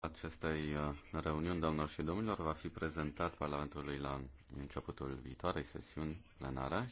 acestei uh, reuniuni, doamnelor și domnilor, va fi prezentat Parlamentului la începutul viitoarei sesiuni plenare.